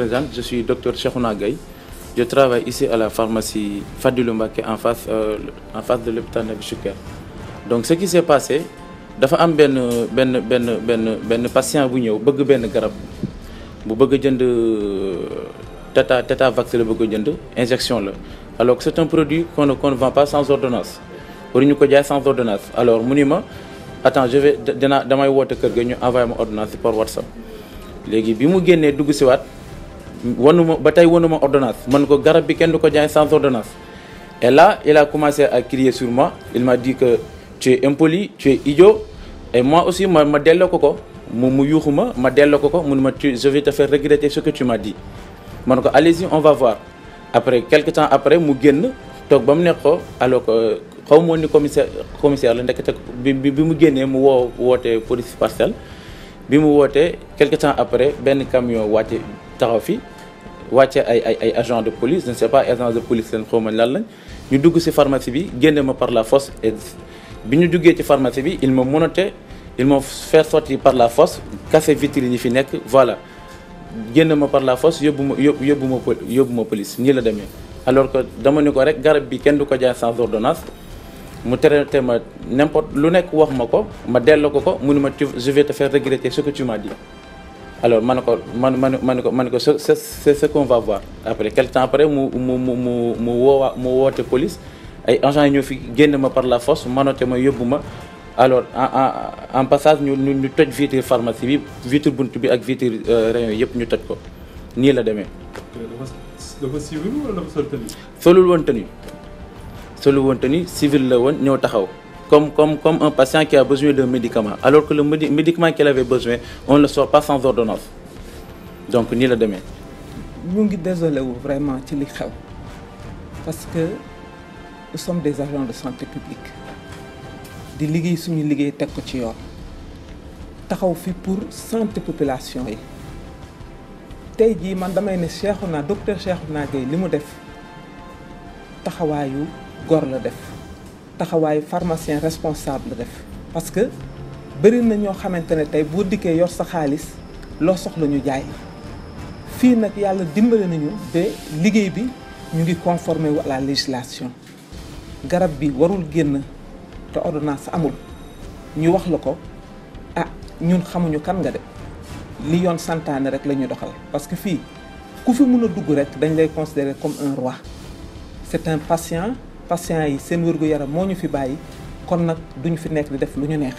présente, je suis docteur Cheikhouna Gaye. Je travaille ici à la pharmacie Fadilou Mbacké en face euh, en face de l'hôpital Nabi Choucair. Donc ce qui s'est passé dafa am benn benn benn benn benn patient bu ñëw bëgg benn garab bu bëgg jënd euh, teta Tetavax la bëgg jënd injection la alors que c'est un produit qu'on ne qu'on ne vend pas sans ordonnance waruñu ko jaay sans ordonnance alors mu ni ma attends je vais damay woote kër ga ñu envoyé ma ordonnance par WhatsApp léegi bi mu génnee dugg si waat wanuma ba tey wanuma ordonnance man ko garab bi kenn du ko jaay sans ordonnance et là il la commencé a crier sur moi il m'a dit que tu es impoli tu es idiot et moi aussi ma ma delloo ko ko mu mu yuuxu ma ma delloo ko ko mu ma tu je vais te faire regretter ce que tu m'as dit man ko allez-y on va voir après quelque temps après mu génn toog ba mu nekk ko alors que xaw ma ni commissaire commissaire la ndekete bi bi mu génnee mu woo wootee police parcelle bi mu wootee quelque temps après benn camion wàcce taxaw fi wàcce ay ay ay agent de police je ne sais pas agent de police leen xaw ma lan lañ ñu dugg ci pharmacie bi génne ma par la force et bi ñu duggee ci pharmacie bi ils m'ont menotté ils m'ont fait sortir par la force cassé vitrine yi fi nekk voilà génne ma par la force yóbbu ma yóbbu ma yóbbu ma police nii la demee alors que dama ni ko rek garab bi kenn du ko jaay sans ordonnance mu traité ma n'importe lu nekk wax ma ko ma delloo ko ko mu ne ma je vais te faire regretter ce que tu alors man ne ko man ma ma ne ko man ne ko c'est c'est ce qu'on va voir après quelque temps après mu mu mu mu woowaa mu woote police ay agents yi fi génn ma par la force manote ma yóbbu ma alors en en passage ñu ñu toj vitre pharmacie bi vitre bunt bi ak vitir euh, rayon yëpp ñu toj ko nii la demee. dafa civil wala dafa sol woon tenue solul woon tenue civil la woon ñëw taxaw. comme, comme, comme un patient qui a besoin d'un médicament, alors que le médicament qu'elle avait besoin, on ne le sort pas sans ordonnance. Donc, ni le demain. Nous sommes désolés vraiment ci li parce que nous des agents de santé publique. di liggéey suñu liggéey teg ko ci yoon taxaw fi pour santé population yi tey jii man damay ne Cheikhouna docteur Cheikhouna Gaye li mu def taxawaayu góor la def taxawaay pharmacien responsable def parce que bëri na ñoo xamante ne tey boo dikkee yor sa xaalis loo soxla ñu jaay fii nag yàlla dimbale nañu ba liggéey bi ñu ngi conformé wu à la législation garab bi warul génn te ordonnance amul ñu wax la ko ah ñun xamuñu kan nga de li yoon santaane rek la ñuy doxal parce que fii ku fi mun a dugg rek dañ lay considérer comme un roi c'est un patient patients yi seen wér-gu-yaram moo ñu fi bàyyi kon nag duñ fi nekk di def lu ñu neex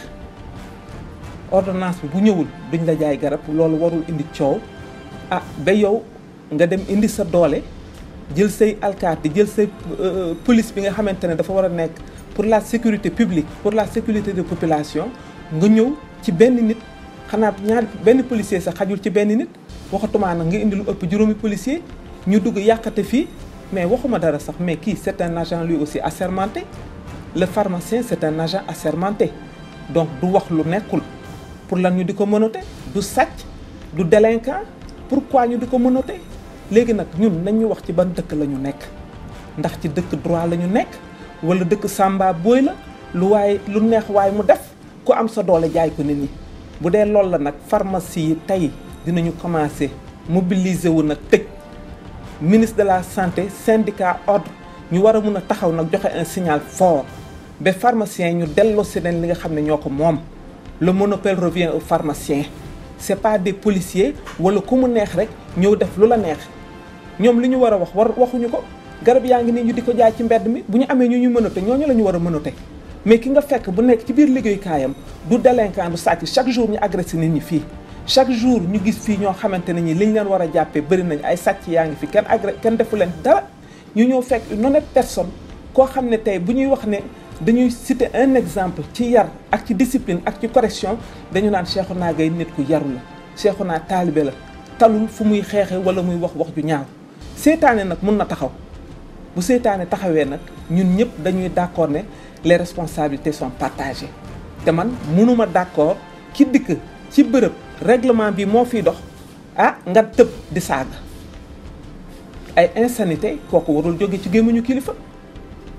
ordonnance bi bu ñëwul duñ la jaay garab loolu warul indi coow ah ba yow nga dem indi sa doole jël say di jël say euh, police bi nga xamante ne dafa war a nekk pour la sécurité publique pour la sécurité de population nga ñëw ci benn nit xanaa ñaar benn policier sax xajul ci benn nit waxatumaa nag nga indi lu ëpp juróomi policier ñu dugg yàqate fii mais waxuma dara sax mais kii c' est un agent lui aussi assermenté le pharmacien c' est un agent assermenté donc du wax lu nekkul pour lan ñu di ko mënote du sàcc du pour pourquoi ñu di ko mënote léegi nag ñun nañ ñu wax ci ban dëkk la ñu nekk ndax ci dëkk droit la ñu nekk wala dëkk sàmba booy la lu waaye lu neex waaye mu def ku am sa doole jaay ko nit ñi bu dee loolu la nag pharmacie yi tey dinañu commencé mobiliser wu nag tëj ministre de la santé syndicat ordre ñu war a mun a taxaw nag joxe un signal fort ba pharmaciens ñu delloo si li nga xam ne ñoo ko moom le monopole revient aux pharmaciens c'est pas des policiers wala ku mu neex rek ñëw def lu la neex ñoom li ñu war a wax war waxuñu ko garab yaa ngi nii ñu di ko jaay ci mbedd mi bu ñu amee ñu ñu mënate ñooñu la ñu war a mënate mais ki nga fekk bu nekk ci biir liggéeyukaayam du délinquant du sàcc chaque jour ñu agressé nit ñi fii chaque jour ñu gis fii ñoo xamante ne ni liñ leen war a jàppee bëri nañ ay sàcc yaa ngi fi kenn agré kenn defu leen dara ñu ñëw fekk une honnête personne koo xam ne tey bu ñuy wax ne dañuy citer un exemple ci yar ak ci discipline ak ci correction dañu naan Cheikhouna Gaye nit ku yaru la naa taalibe la talul fu muy xeexe wala muy wax wax ju ñaaw seytaane nag mun na taxaw bu seytaane taxawee nag ñun ñëpp dañuy d'accord ne les responsabilité sont partagées te man mënuma d'accord ki dikk ci bërëb règlement bi moo fiy dox ah nga tëb di saaga ay insanité kooku warul jóge ci gémmiñu kilifa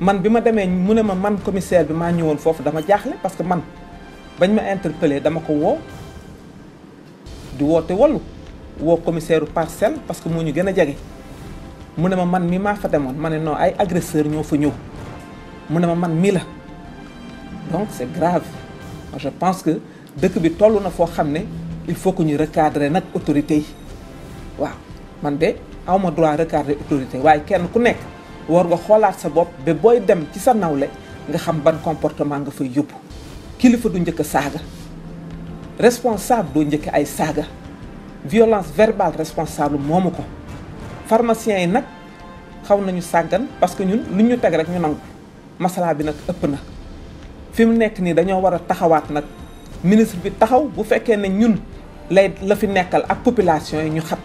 man bi ma demee mu ne ma man commissaire bi maa ñëwoon foofu dama jaaxle parce que man bañ ma interpellé dama ko woo di woote wallu woo commissaire parcelle parce que moo ñu gën a jege mu ne ma man mii maa fa demoon ma ne non ay agresseur ñoo fa ñëw mu ne ma man mii la donc c'est grave je pense que dëkk bi toll na foo xam ne il faut que ñu recadrer nag autorité yi waaw man de awma droit recadrer autorité waaye kenn ku nekk war nga xoolaat sa bopp ba booy dem ci sa nawle nga xam ban comportement nga fay yóbbu kilifa du njëkk a saaga responsable doo njëkk ay saaga violence verbale responsable moomu ko pharmaciens yi nag xaw nañu sàggan parce que ñun lu ñu teg rek ñu nangu masala bi nag ëpp na fi mu nekk nii dañoo war a taxawaat nag ministre bi taxaw bu fekkee ne ñun lay la fi nekkal ak population yi ñu xam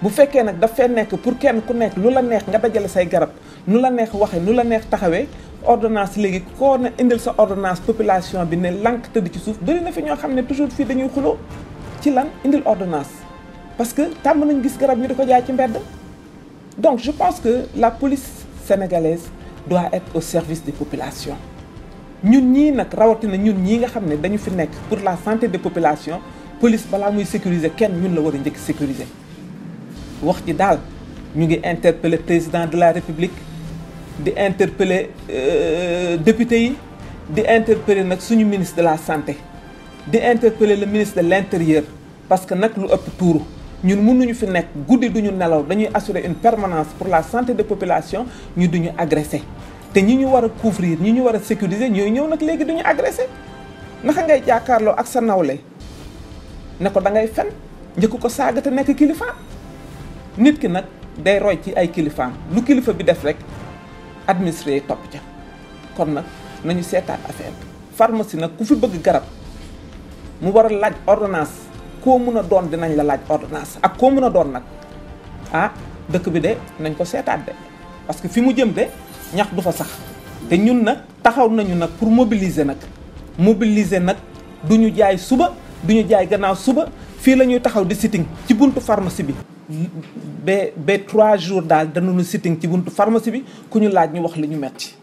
bu fekkee nag daf fee nekk pour kenn ku nekk lu la neex nga dajale say garab nu la neex waxee nu la neex taxawee ordonnance léegi koo na indil sa ordonance population bi ne lank tëdd ci suuf bëri na fi ñoo xam ne toujours fii dañuy xuloo ci lan indil ordonnance parce que tàmm nañu gis garab ñu di ko jaay ci mbedd donc je pense que la police sénégalaise doit être au service des population ñun ñii nag rawatina ñun ñii nga xam ne dañu fi nekk pour la santé des populations police balaa muy sécuriser kenn ñun la war a njëkk sécuriser wax ji daal ñu ngi interpeller président de la république di interpeller euh, député yi di interpeller nag suñu ministre de la santé di interpeller le ministre de l'intérieur parce que nag lu ëpp tuuru ñun mënuñu fi nekk guddi duñu nelaw dañuy assurer une permanence pour la santé de population ñu duñu agressé te ñi ñu war a couvrir ñi ñu war a sécuriser ñooy ñëw nag léegi duñu agressé naka ngay jàkkaarloo ak sa nawle ne ko da ngay fen njëkk ko saaga te nekk kilifaam nit ki nag day roy ci ay kilifaam lu kilifa bi def rek administré yi topp ca kon nag nañu seetaat affaire bi pharmacie nag ku fi bëgg garab mu war a laaj ordonnance koo mun a doon dinañ la laaj ordonnance ak koo mun a doon nag ah dëkk bi de nañ ko seetaat de parce que fi mu jëm de ñax du fa sax te ñun nag taxaw nañu nag pour mobiliser nag mobiliser nag du ñu jaay suba du ñu jaay gannaaw suba fii la ñuy taxaw di sitting ci buntu pharmacie bi ba ba trois jours daal danañu sitting ci buntu pharmacie bi ku ñu laaj ñu wax li ñu metti